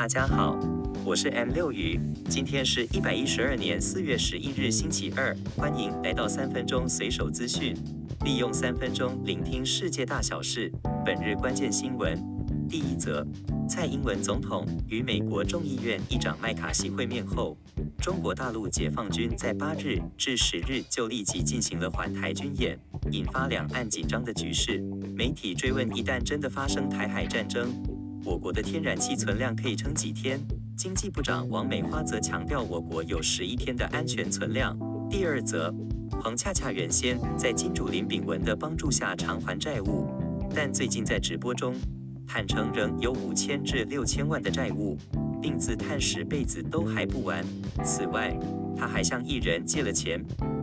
大家好，我是 M 六雨，今天是一百一十二年四月十一日星期二，歡迎來到三分鐘隨手資訊，利用三分鐘聆聽世界大小事。本日關鍵新聞第一則：蔡英文總統與美國眾議院議長麥卡錫會面後，中國大陸解放軍在八日至十日就立即進行了環台軍演，引發兩岸緊張的局勢。媒體追問：一旦真的發生台海戰爭，我國的天然氣存量可以撐幾天？經濟部長王美花則強調，我國有十一天的安全存量。第二則，彭恰恰原先在金主林炳文的幫助下償還債務，但最近在直播中坦承仍有五千至六千萬的債務，並自嘆十輩子都還不完。此外，他還向藝人借了錢，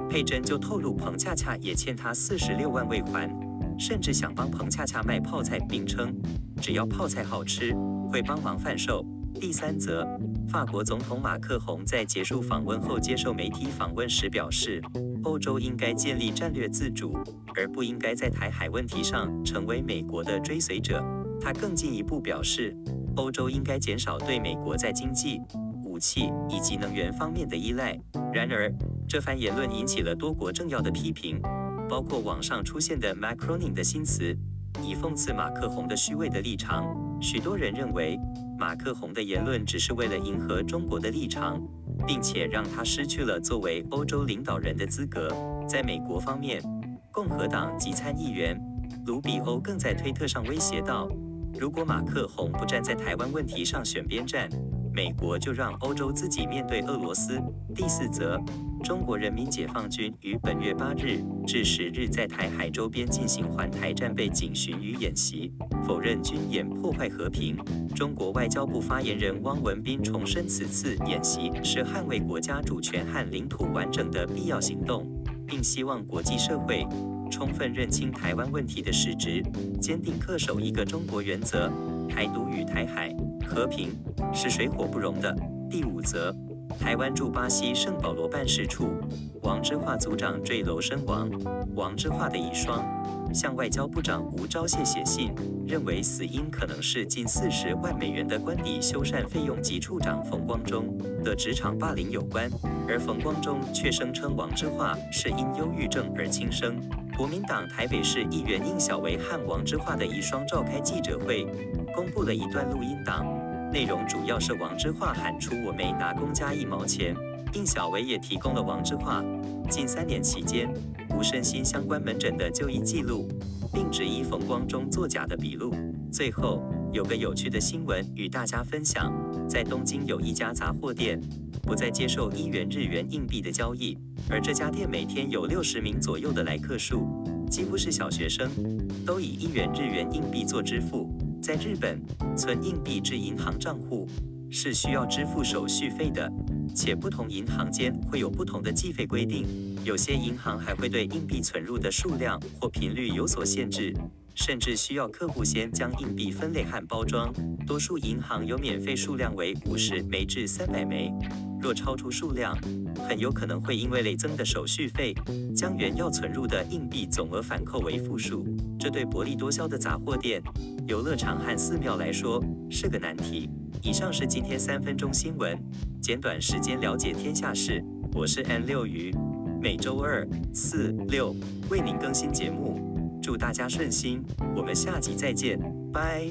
佩珍就透露彭恰恰也欠他四十六萬未還。甚至想幫澎恰恰賣泡菜，並稱只要泡菜好吃，會幫忙販售。第三則，法國總統馬克宏在結束訪問後接受媒體訪問時表示，歐洲應該建立戰略自主，而不應該在台海問題上成為美國的追隨者。他更進一步表示，歐洲應該減少對美國在經濟、武器以及能源方面的依賴。然而，這番言論引起了多國政要的批評。包括網上出現的 Macroning 的新詞，以諷刺馬克宏的虛偽的立場。許多人認為，馬克宏的言論只是為了迎合中國的立場，並且讓他失去了作為歐洲領導人的資格。在美國方面，共和黨籍參議員盧比歐更在推特上威脅道：“如果馬克宏不站在台灣問題上選邊站，美國就讓歐洲自己面對俄羅斯。”第四則。中國人民解放軍於本月八日至十日在台海周邊進行環台戰備警巡與演習，否認軍演破壞和平。中國外交部發言人汪文斌重申，此次演習是捍衛國家主權和領土完整的必要行動，並希望國際社會充分認清台灣問題的實質，堅定恪守一個中國原則。台獨與台海和平是水火不容的。第五則。台灣駐巴西聖保羅辦事處王之化組長墜樓身亡，王之化的遺孀向外交部長吳釗燮寫信，認為死因可能是近四十萬美元的官邸修繕費用及處長馮光中的職場霸凌有關，而馮光中卻聲稱王之化是因憂鬱症而輕生。國民黨台北市議員應曉薇和王之化的遺孀召開記者會，公布了一段錄音檔。內容主要是王之化喊出，我沒拿公家一毛錢。應小維也提供了王之化近三年期間吳勝新相關門診的就醫記錄，並指一馮光中作假的筆錄。最後有個有趣的新聞與大家分享，在東京有一家雜貨店不再接受一元日元硬幣的交易，而這家店每天有六十名左右的來客數，幾乎是小學生，都以一元日元硬幣做支付。在日本，存硬幣至銀行賬戶是需要支付手續費的，且不同銀行間會有不同的計費規定。有些銀行還會對硬幣存入的數量或頻率有所限制。甚至需要客戶先將硬幣分類和包裝。多數銀行有免費數量為五十枚至三百枚，若超出數量，很有可能會因為累增的手續費，將原要存入的硬幣總額反扣為負數。這對薄利多銷的雜貨店、遊樂場和寺廟來說是個難題。以上是今天三分鐘新聞，簡短時間了解天下事。我是 N 六魚，每周二、四、六為您更新節目。祝大家順心，我們下集再見，拜。